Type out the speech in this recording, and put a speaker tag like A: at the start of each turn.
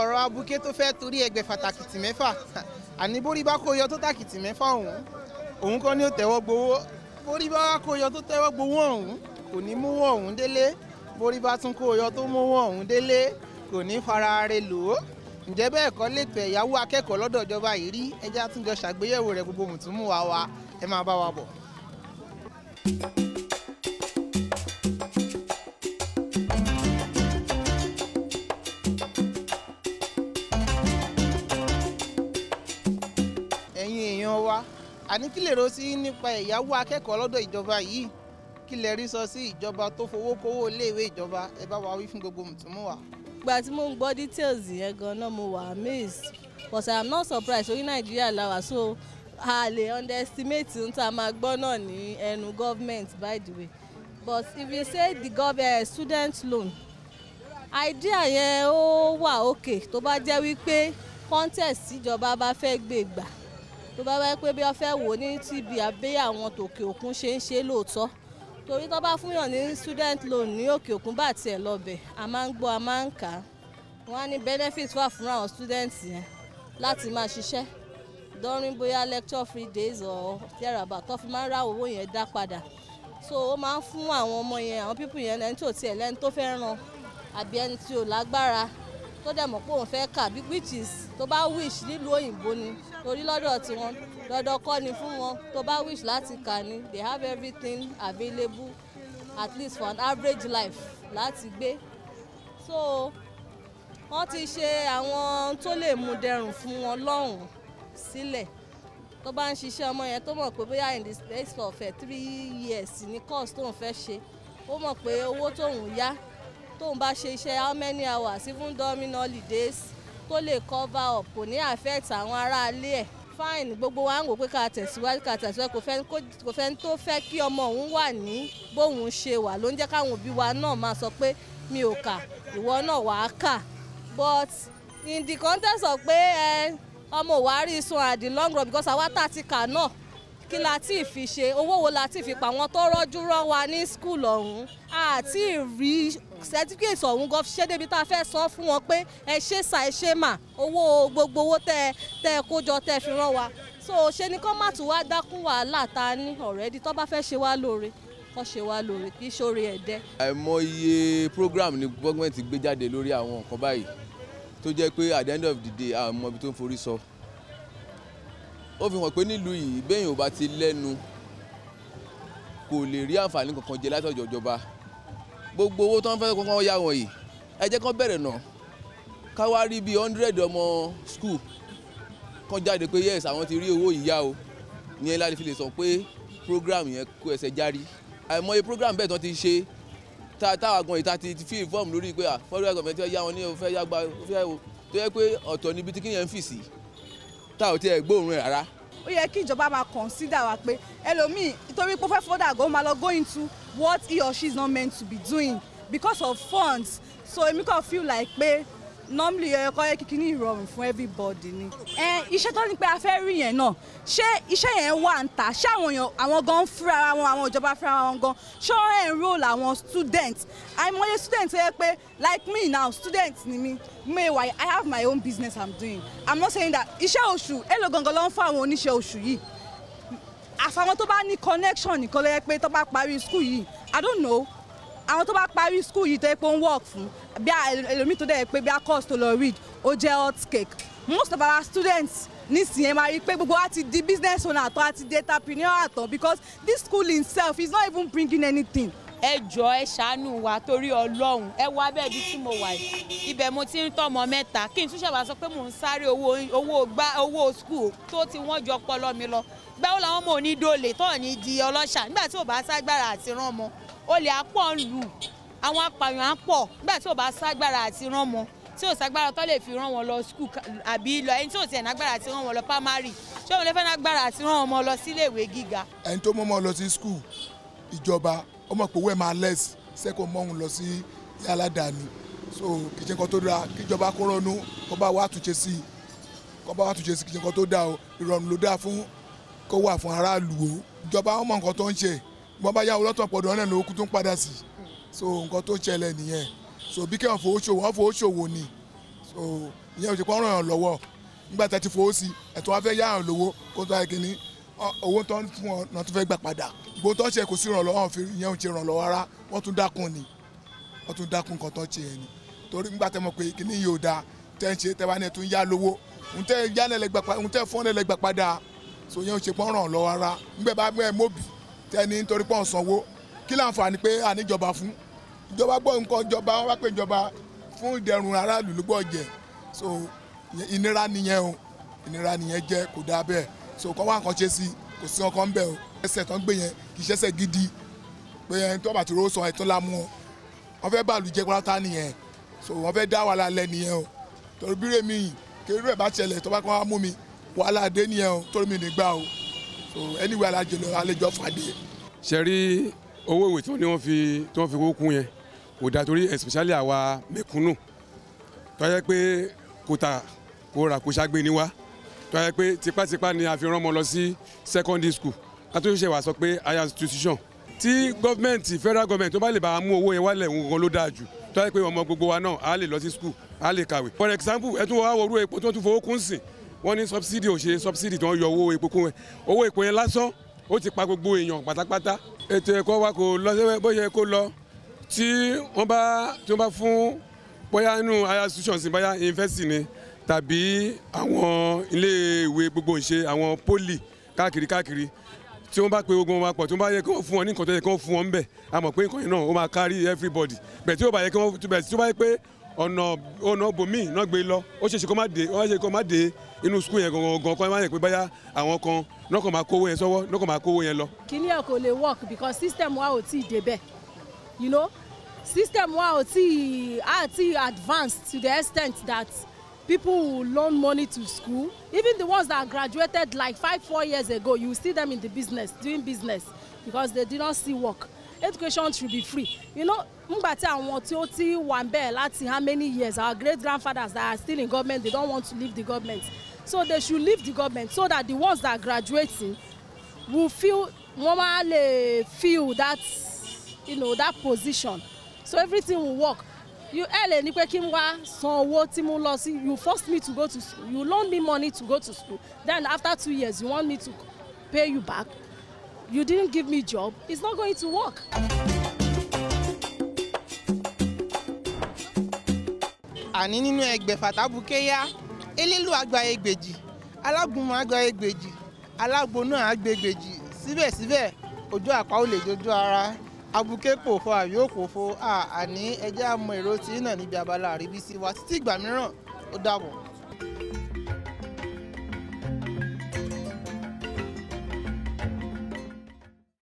A: ọ̀rọ̀ abuké tó fẹ́ torí ẹgbẹ̀fà tàkìtì mẹ́fà àní bórí bá kó yọ tó tàkìtì mẹ́fà ọ̀hún òun kọ́ ni ó tẹ́wọ́ gbowó bórí bá kó yọ tó tẹ́wọ́ gbowó ọ̀hún kò ní mú wọ́n ọ̀hún délé bórí bá tún kó yọ tó mú wọ́n ọ̀hún délé kò ní fara re lò ó ǹjẹ́ bẹ́ẹ̀ kọ́ lẹ́tọ̀ ẹ̀yáwó akẹ́kọ̀ọ́ lọ́dọ̀ ìjọba yìí rí ẹjẹ́ àtúnjọ ṣàgbéyẹ̀wò rẹ̀ gbogbo mùtúmùwà wa ẹ máa bá wa bọ̀. àní kí lè rò sí nípa ẹ̀yáwó akẹ́kọ̀ọ́ lọ́dọ̀ ìjọba yìí kí lè rí sọ sí ìjọba tó fowó kówó iléèwé ìjọba ẹ bá wa wí fún gbogbo mùtúmùwà.
B: ìgbà tí mo ń gbọ́ details yẹn gan-an mo wà amazed but I am not surprised orí nàìjíríà làwà so a lè underestimate n ta máa gbọ́ náà ní ẹnu government by the way but if you say the government eh, student loan idea yẹn ó wà òkè tó bá jẹ́ wípé contest ìjọba bá fẹ́ gbé gbà tó bá wáyé pé bí wọ́n fẹ́ wò ní TB àbí àwọn tòkè òkun ṣe ń ṣe lóòótọ́ torí tó bá fúnyàn ní student loan ní òkè òkun bá tiẹ̀ lọ́bẹ̀ a máa ń gbọ́ a máa ń kà á wọ́n á ní benefit wà fún àwọn students yẹn láti máa ṣiṣẹ́ during bóyá lecture free days or thereabout tó fi máa ń ra owó yẹn dá padà so ó máa ń fún àwọn ọmọ yẹn àwọn pípù yẹn lẹ́ni tó tiẹ̀ lẹ́ni tó fẹ́ ràn àbí ẹni tí ò lágbára tó dẹ̀ mọ̀ pé òun fẹ́ kà which is tó bá wish nílùú òyìnbó ni torí lọ́dọ̀ tiwọn dandan kọ́ ni fún wọn tó bá wish láti kà ni they have everything available at least for an average life láti gbé so wọ́n ti ṣe àwọn tó lè mú dẹrùn fún wọn lọ́hùn-ún sílẹ̀ tó bá ń ṣiṣẹ́ ọmọ yẹn tó mọ̀ pé bóyá in the space of eh, three years ni course tóun fẹ́ ṣe ó mọ̀ pé owó tóun yá tóun bá ṣe iṣẹ́ how many hours even during holidays tó lè cover up kò ní affect àwọn aráalé ẹ̀ fine gbogbo wa ń wò pé ká tẹ̀síwájú ká tẹ̀síwájú kò fẹ́ tó fẹ́ kí ọmọ òun wà ní bóun ṣe wà ló ń jẹ́ káwọn òbí wa náà máa sọ pé mi ò kà ìwọ náà wàá kà but in the context of pé ẹ ọmọ òwárí sun at the long run because àwa tá a ti kà náà kí la ti fi ṣe owó wo la ti fi pa àwọn tó rọ́jú rán wa ní school ọ̀hún àti rí certificate ọ̀hún gan fi ṣe débi tá a fẹ́ sọ fún wọn pé ẹ ṣe sà ẹ ṣe mà owó gbogbo owó tẹ tẹ kó jọ tẹ fi rán wa so ṣe ni kán má tún wá dákún wàhálà ta ní already tó bá fẹ́ ṣe wá lóore kán ṣe wá lóore kì í ṣoore ẹ̀dẹ́.
C: àìmọye program ni gọ́ọ̀mẹ̀ntì gbé jáde lórí àwọn nǹkan báyìí tó jẹ́ pé at the end of the day àmọ́ ibi tó ń forí sọ ó fi hàn pé nílùú yìí bẹ́yìn ò bá ti lẹ́nu kò lè rí àǹfààní kankan jẹ látọ̀jọ̀ ìjọba gbogbo owó tó ń fẹ́ kọ́kọ́ ya wọ̀nyí ẹ jẹ́ kán bẹ̀rẹ̀ náà ká wá rí bíi hundred ọmọ school kán jáde pé yes àwọn ti rí owó yìí yá o ìyẹn láti fi lè sọ pé program yẹn kó ẹsẹ̀ járí àìmọye program bẹ́ẹ̀ tán ti ṣe tá a táwa gan ìta ti fi form lórí pé à fọ́nrẹ́ mẹ́tí yá wọn ní o fẹ́ yá gba o fẹ́ o tó yẹ pé ọ̀tọ̀ níbi tí kíyẹn ń fì sí tá ò tiẹ̀ gbóòórùn ẹ̀ rárá.
B: ó yẹ kí ìjọba máa consider wa pé ẹlòmíì nítorí pé ó fẹ́ fọ́dà gan ó máa lọ go into what he or she is not meant to be doing because of funds so èmi feel like pé normally ẹ kọ́ ẹ kíkí ní ìrọ̀rùn fún everybody ni. ẹ eh, iṣẹ́ tó ní pé a fẹ́ rí yẹn náà ṣé iṣẹ́ yẹn wà ń tà ṣé àwọn èèyàn àwọn gan fúnra wọn àwọn ìjọba fúnra wọn gan ṣé wọ́n enroll àwọn student àìmọye student ẹ pé like me now student ni mi meanwhile I have my own business I'm doing I'm not saying that iṣẹ́ oṣù èlò gangan ló ń fún àwọn oníṣẹ́ oṣù yìí àfàwọn tó bá ní connection nìkan ló pé tó bá parí school yìí i don't know àwọn tó bá parí school yìí tó yẹ pé ń work fún bí ẹlòmíì tó dẹ̀ pé bí a course tó lọ read ó jẹ́ hot cake most of our students nísìnyẹn máa rí i pé gbogbo wa di business owner àtọ́ àti di entrepreneur àtọ́ because this school itself is not even bringing anything ẹ jọ ẹ ṣàánú wa torí Ọlọ́run ẹ wá bẹ́ẹ̀ bí tí mo wà yìí ibẹ̀ mo ti ń tọ́mọ mẹ́ta kí n tún ṣàbà sọ pé mò ń sáré owó owó gbá owó skul tó ti wọ́n jọ pọlọ mi lọ báwo làwọn ọmọ òní dolè tọ́ ní di ọlọ́ṣà nígbà tí ò bá ságbára àti rán ọmọ olè àpọ̀ ń lù àwọn apààyàn àpọ̀ nígbà tí ò bá ságbára àti rán ọmọ tí ò ságbára tó lè fi rán wọn lọ skul àbí lọ ẹni tí ò tiẹ̀ nágbára àti rán wọn lọ pámárì ṣé òun lè fẹ́ nágbára àti rán ọmọ lọ sílé ìwé gíga.
C: ẹni tó mọ́mọ́ lọ sí skul ìjọba ọmọ pòwé máa lẹ́sì sẹ́kọ̀ọ́ mọ́hún lọ sí aládàáni so kìjẹ́ kan tó dáa kíjọba kó rọ́nú kó bá wa túnṣe sí kó bá wa túnṣe sí kìjẹ́ kan tó dáa o ìrọ̀rùn ló dáa fún kó wà fún aráàlú o ìjọba wọn mọ nǹkan tó ń ṣe wọn bá yáwó lọ́tọ̀ pọ̀dọ̀ náà lówó kú tó ń padà sí so nǹkan tó ṣẹlẹ̀ nìyẹn so bí kẹ́hìn fowó ṣòwò wọn fowó ṣòwò ni so ìyẹn ò ṣe pọ́n ràn yàn lọ́wọ́ nígbà tá a ti fowó sí ẹ̀tọ́ wa fẹ́ yá yàn lówó kó tó ayé kínní owó tó ń fún ọ náà tó fẹ́ gbà padà ìgbó tó ń ṣe kò sí ìrànlọ́wọ́ àwọn òfin ìyẹn ò ṣe ìrànlọ́wọ́ rárá wọ́n tún dákun ni so yẹn ò ṣe pọ́n ràn lọ́wọ́ ara ńgbẹ́ bá gbẹ́ mọ́bì tẹ́ni nítorí pọ́n sanwó kí láǹfààní pé àníjọba fún ìjọba gbọ́ nǹkan ìjọba wọn bá pè ìjọba fún ìdẹ̀rùn aráàlú lúgbọ́ jẹ so ìnira nìyẹn o ìnira nìyẹn jẹ kò dáa bẹ́ẹ̀ so kọ́ wá nǹkan ṣe sí kò sí ọkàn bẹ́ẹ̀ o ẹsẹ̀ tó gbé yẹn kì í ṣẹ́sẹ̀ gidi pé ẹni tó bàtí ró sọ ẹ̀ tó lámú ọ wọn fẹ́ bàlù jẹ pátá nìyẹn so wọn fẹ́ dá wàhálà lẹ nìyẹn o torí bírèmí kérú ẹ̀ bá ṣẹlẹ̀ tó bá kọ́ wá mú mi wàhálà adé nìyẹn o torí mi nígbà o so anyway alájẹ lọ alẹjọ fàdé.
D: ṣe owó ìwé tí wọ́n ní wọ́n fi tí wọ́n fi owó kún yẹn kò dáa torí especially àwa mẹ̀kúnnù tó yẹ pé kò tà kò rà kò ṣàgbé ni wá tó yẹ pé tipátipá ni a fi rán ọmọ lọ sí secondary school látúnṣe wàá sọ pé higher institution tí gọ́ọ̀mẹ̀ntì federal gọ́ọ̀mẹ̀ntì tó bá lè bá mú owó yẹn wálẹ̀ òun gan ló dáa jù tó yẹ pé ọmọ gbogbo wa náà a lè lọ sí school a lè kàwé for example ẹ tún wá wọrú epo tó tún fowó kún sìn wọ́n ní subsidy ò ṣe subsidy tí wọ́n yọ owó epo kún ẹ̀ owó epo yẹn lásán ó ti pa gbogbo èèyàn pátápátá ètò ẹ̀kọ́ wa kò lọ sẹ́wẹ́ bó yẹ kó lọ tí wọ́n bá tí wọ́n bá fún bóyá inú higher institutions bóyá university ni tàbí àwọn iléèwé gbogbo ìṣe àwọn poli káàkiri káàkiri tí wọ́n bá pe ogun wa pọ̀ tí wọ́n bá yẹ kí wọ́n fún wọn ní nǹkan tó yẹ kí wọ́n fún wọn ń bẹ̀ a mọ̀ pé nǹkan yẹn náà ó máa kárí everybody bẹ́ẹ̀ tí ó bá yẹ kí wọ́n bẹ́ẹ̀ tí ó bá yẹ pé ọ̀nà ọ̀nà bòmí náà gbé lọ ó ṣeéṣe kó má dé ó ṣeéṣe kó má dé inú sukùl yẹn gangan gan kan má yẹ pé báyà àwọn kan náà máa kówó yẹn sọ́wọ́ náà máa kówó yẹn lọ.
B: kíní ẹ̀ kò lè work because system wa ò tí ì you know system wa ò tí ì á tí advanced to the extent that people loan money to school even the ones that graduated like five four years ago you see them in the business doing business because they did not see work education should be free you know ngbà tí àwọn tí ti wà ń bẹ̀ láti how many years our great grandfathers that are still in government they don want to leave the government so they should leave the government so that the ones that graduating will feel wọ́n máa lè feel that you know that position so everything will work you ẹ lè ní pé kí n wá san owó tí mo lọ sí you force me to go to school you loan me money to go to school then after two years you want me to pay you back you didn't give me job, it's not going to work. àní nínú ẹgbẹ̀fà tábùkéyà
A: elélu àgbà egbèjì alágúnmọ̀ àgbà egbèjì alágbóná àgbà egbèjì síbẹ̀síbẹ̀ ojú àpá ò lè jojú ara abuké kò fọ àbí ò kò fọ àní ẹjẹ́ àmọ́ èrò tí náà níbi abala àríbísí wa títí ìgbà mìíràn ó
B: dàbọ̀.